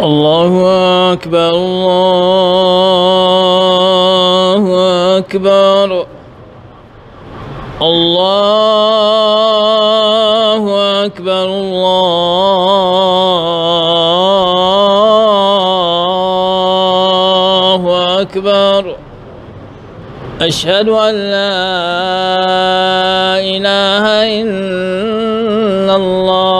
الله أكبر الله أكبر الله أكبر الله أكبر أشهد أن لا إله إلا الله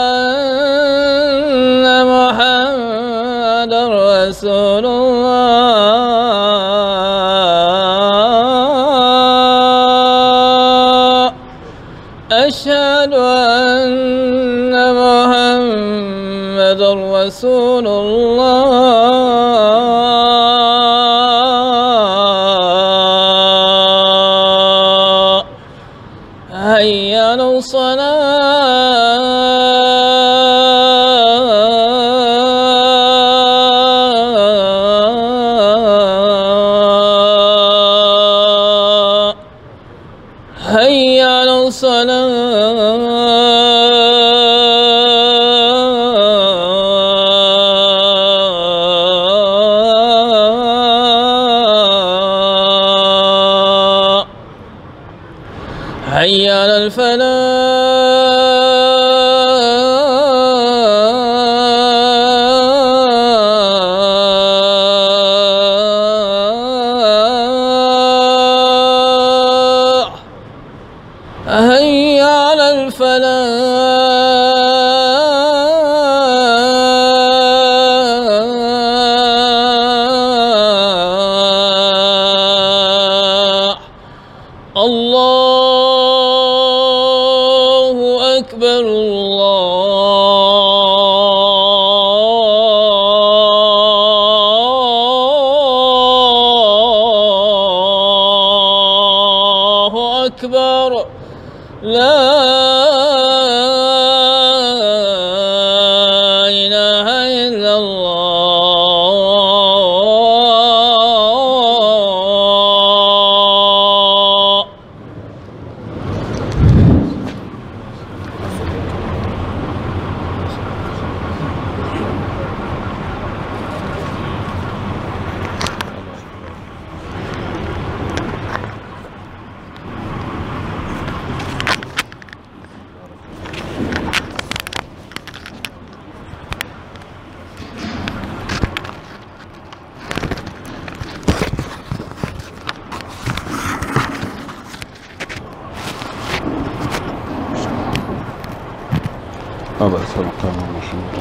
رسول الله هيا الصلاة هيا الصلاة أكبر الله أبا سلطان محمد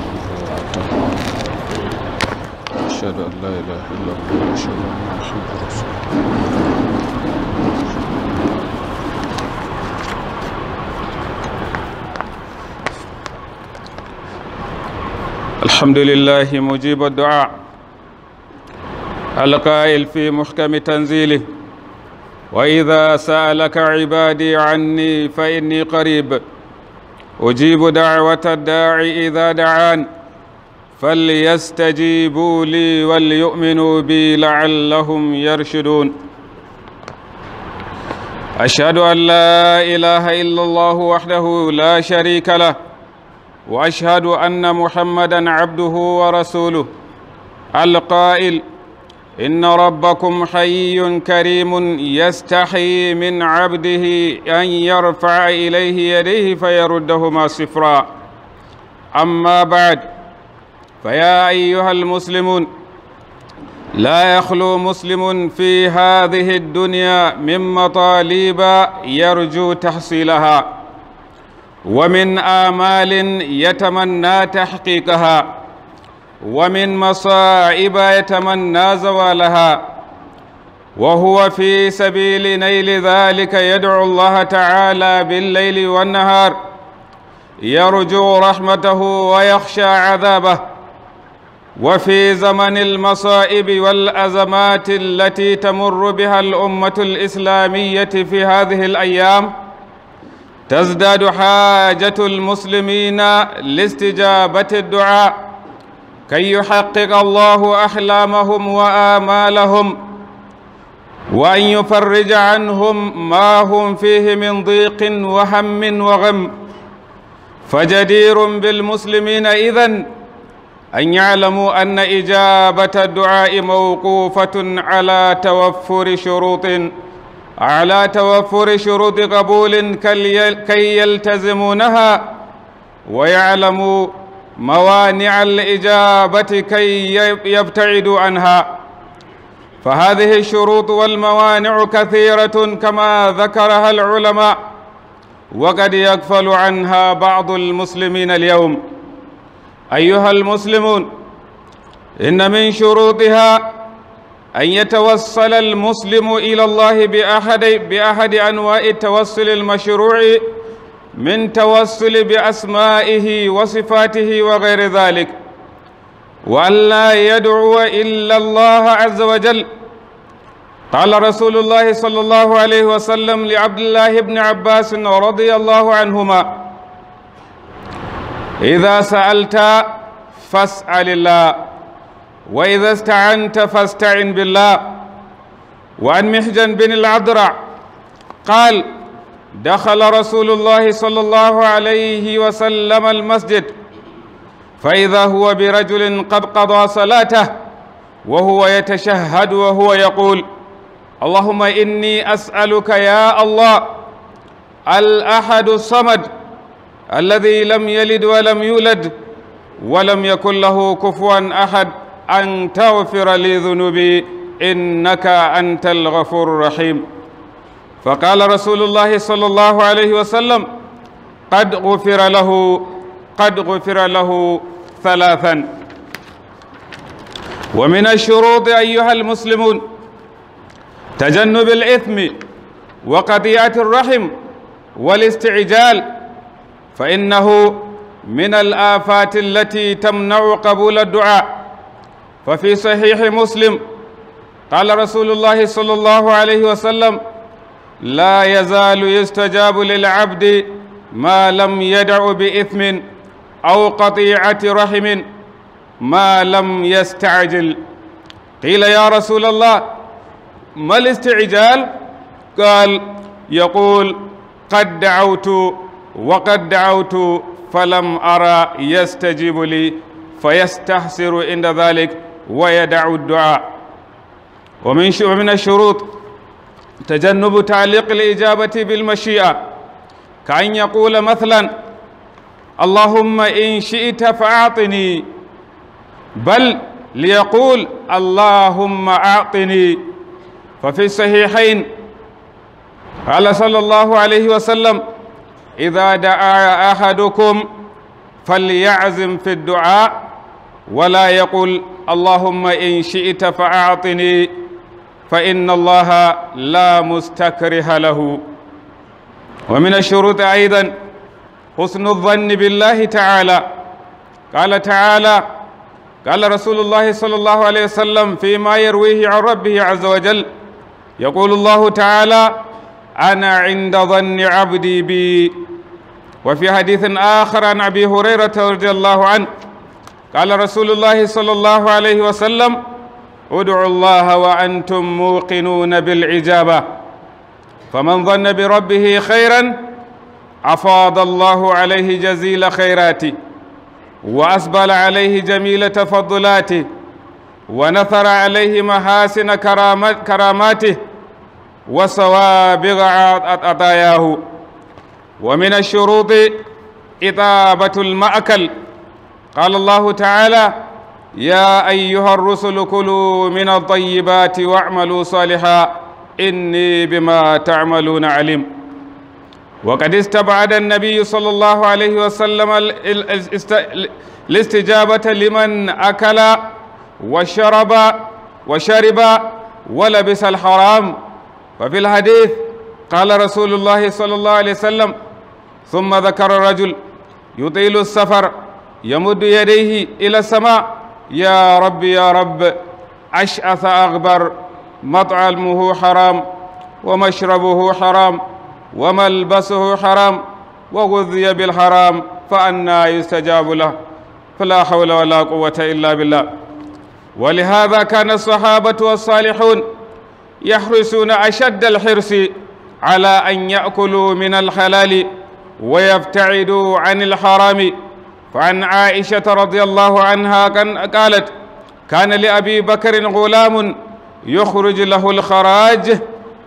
أشهد أن لا إله إلا الله وأشهد أن محمد رسول الله الحمد لله مجيب الدعاء القائل في محكم تنزيله وإذا سألك عبادي عني فإني قريب أجيب دعوة الداعي إذا دعان فليستجيبوا لي وليؤمنوا بي لعلهم يرشدون أشهد أن لا إله إلا الله وحده لا شريك له وأشهد أن محمدا عبده ورسوله القائل إن ربكم حي كريم يستحي من عبده أن يرفع إليه يديه فيردهما صفرا أما بعد فيا أيها المسلمون لا يخلو مسلم في هذه الدنيا من مطالب يرجو تحصيلها ومن آمال يتمنى تحقيقها ومن مصائب يتمنى زوالها وهو في سبيل نيل ذلك يدعو الله تعالى بالليل والنهار يرجو رحمته ويخشى عذابه وفي زمن المصائب والأزمات التي تمر بها الأمة الإسلامية في هذه الأيام تزداد حاجة المسلمين لاستجابة الدعاء كي يحقق الله أحلامهم وآمالهم وأن يفرج عنهم ما هم فيه من ضيق وهم وغم فجدير بالمسلمين إذن أن يعلموا أن إجابة الدعاء موقوفة على توفر شروط على توفر شروط قبول كي يلتزمونها ويعلموا موانع الإجابة كي يبتعدوا عنها فهذه الشروط والموانع كثيرة كما ذكرها العلماء وقد يغفل عنها بعض المسلمين اليوم أيها المسلمون إن من شروطها أن يتوصل المسلم إلى الله بأحد بأحد أنواع التوصل المشروع من توسل بأسمائه وصفاته وغير ذلك وأن لا يدعو إلا الله عز وجل قال رسول الله صلى الله عليه وسلم لعبد الله بن عباس رضي الله عنهما إذا سألت فاسأل الله وإذا استعنت فاستعن بالله وعن محجن بن العذراء قال دخل رسول الله صلى الله عليه وسلم المسجد فإذا هو برجل قد قضى صلاته وهو يتشهد وهو يقول اللهم إني أسألك يا الله الأحد الصمد الذي لم يلد ولم يولد ولم يكن له كفوا أحد أن تغفر لي ذنوبي إنك أنت الغفور الرحيم فقال رسول الله صلى الله عليه وسلم قد غفر له قد غفر له ثلاثا ومن الشروط أيها المسلمون تجنب الإثم وقطيعة الرحم والاستعجال فإنه من الآفات التي تمنع قبول الدعاء ففي صحيح مسلم قال رسول الله صلى الله عليه وسلم لا يزال يستجاب للعبد ما لم يدع بإثم أو قطيعة رحم ما لم يستعجل قيل يا رسول الله ما الاستعجال قال يقول قد دعوت وقد دعوت فلم أرى يستجيب لي فيستحسر عند ذلك ويدع الدعاء ومن من الشروط تجنب تعليق الإجابة بالمشيئة كأن يقول مثلا اللهم إن شئت فأعطني بل ليقول اللهم أعطني ففي الصحيحين قال صلى الله عليه وسلم إذا دعا أحدكم فليعزم في الدعاء ولا يقول اللهم إن شئت فأعطني فإن الله لا مستكره له ومن الشروط أيضا حسن الظن بالله تعالى قال تعالى قال رسول الله صلى الله عليه وسلم فيما يرويه عن ربه عز وجل يقول الله تعالى أنا عند ظن عبدي بي وفي حديث آخر عن أبي هريرة رضي الله عنه قال رسول الله صلى الله عليه وسلم ادعوا الله وأنتم موقنون بالإجابة فمن ظن بربه خيرا أفاض الله عليه جزيل خيراته وأسبل عليه جميل تفضلاته ونثر عليه محاسن كراماته وصوابغ عطاياه ومن الشروط إطابة المأكل قال الله تعالى يا ايها الرسل كلوا من الطيبات واعملوا صالحا اني بما تعملون عليم وقد استبعد النبي صلى الله عليه وسلم الاستجابه لمن اكل وشرب وشرب ولبس الحرام ففي الحديث قال رسول الله صلى الله عليه وسلم ثم ذكر الرجل يطيل السفر يمد يديه الى السماء يا رب يا رب أشأث أغبر مطعمه حرام ومشربه حرام وملبسه حرام وغذي بالحرام فأنا يستجاب له فلا حول ولا قوة إلا بالله ولهذا كان الصحابة والصالحون يحرصون أشد الحرص على أن يأكلوا من الحلال ويبتعدوا عن الحرام فعن عائشة رضي الله عنها قالت كان لأبي بكر غلام يخرج له الخراج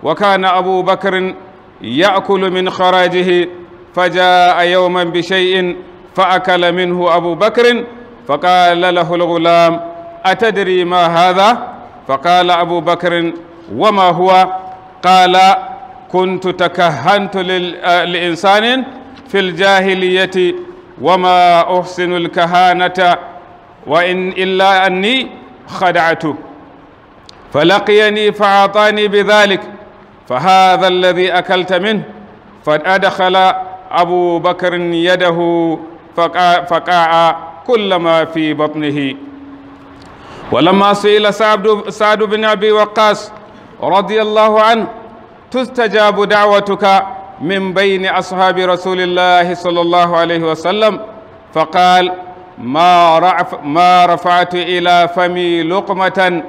وكان أبو بكر يأكل من خراجه فجاء يوما بشيء فأكل منه أبو بكر فقال له الغلام أتدري ما هذا؟ فقال أبو بكر وما هو؟ قال كنت تكهنت آه، لإنسان في الجاهلية وما أحسن الكهانة وإن إلا أني خدعته فلقيني فأعطاني بذلك فهذا الذي أكلت منه فأدخل أبو بكر يده فقاع, فقاع كل ما في بطنه ولما سئل سعد, سعد بن أبي وقاص رضي الله عنه تستجاب دعوتك من بين أصحاب رسول الله صلى الله عليه وسلم فقال ما, رعف ما رفعت إلى فمي لقمة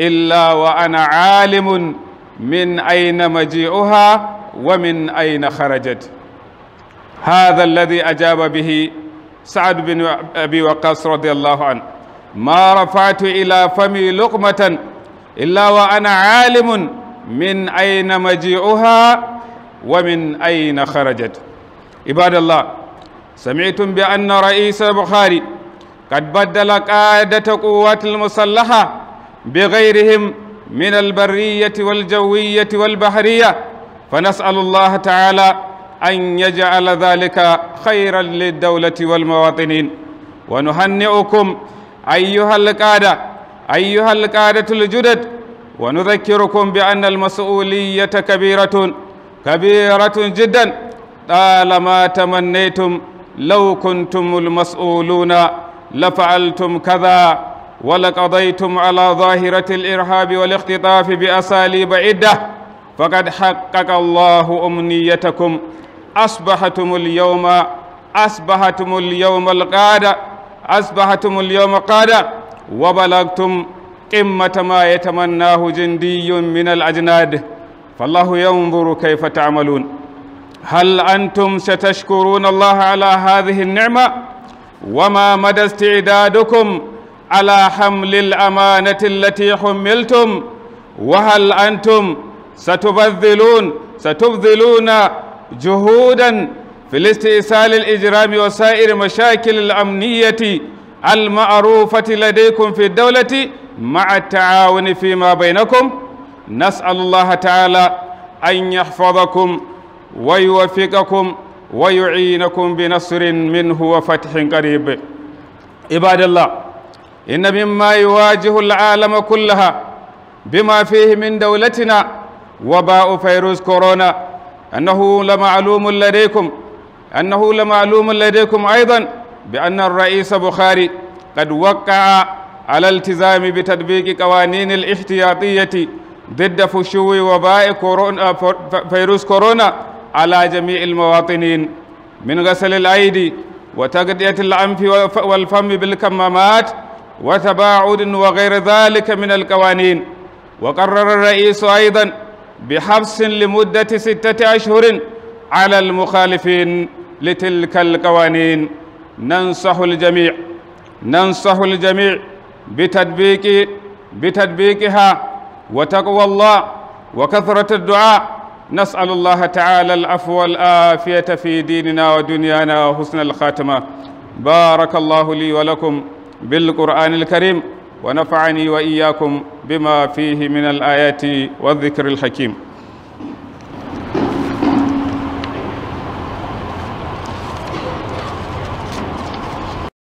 إلا وأنا عالم من أين مجيئها ومن أين خرجت هذا الذي أجاب به سعد بن أبي وقاص رضي الله عنه ما رفعت إلى فمي لقمة إلا وأنا عالم من أين مجيئها ومن أين خرجت عباد الله سمعتم بأن رئيس البخاري قد بدل قادة قوات المسلحة بغيرهم من البرية والجوية والبحرية فنسأل الله تعالى أن يجعل ذلك خيرا للدولة والمواطنين ونهنئكم أيها القادة أيها القادة الجدد ونذكركم بأن المسؤولية كبيرة كبيرة جدا طالما تمنيتم لو كنتم المسؤولون لفعلتم كذا ولقضيتم على ظاهرة الإرهاب والاختطاف بأساليب عدة فقد حقق الله أمنيتكم أصبحتم اليوم أصبحتم اليوم القادة أصبحتم اليوم قادة وبلغتم قمة ما يتمناه جندي من الأجناد فالله ينظر كيف تعملون هل أنتم ستشكرون الله على هذه النعمة وما مدى استعدادكم على حمل الأمانة التي حملتم وهل أنتم ستبذلون ستبذلون جهودا في الاستئصال الإجرام وسائر مشاكل الأمنية المعروفة لديكم في الدولة مع التعاون فيما بينكم؟ نسأل الله تعالى أن يحفظكم ويوفقكم ويعينكم بنصر منه وفتح قريب عباد الله إن مما يواجه العالم كلها بما فيه من دولتنا وباء فيروس كورونا أنه لمعلوم لديكم أنه لمعلوم لديكم أيضا بأن الرئيس بخاري قد وقع على التزام بتطبيق قوانين الاحتياطية ضد فشو وباء كورونا فيروس كورونا على جميع المواطنين من غسل الأيدي وتغطية الأنف والفم بالكمامات وتباعد وغير ذلك من القوانين وقرر الرئيس أيضا بحبس لمدة ستة أشهر على المخالفين لتلك القوانين ننصح الجميع ننصح الجميع بتطبيق بتطبيقها وتقوى الله وكثرة الدعاء نسأل الله تعالى العفو والآفية في ديننا ودنيانا وحسن الخاتمة بارك الله لي ولكم بالقرآن الكريم ونفعني وإياكم بما فيه من الآيات والذكر الحكيم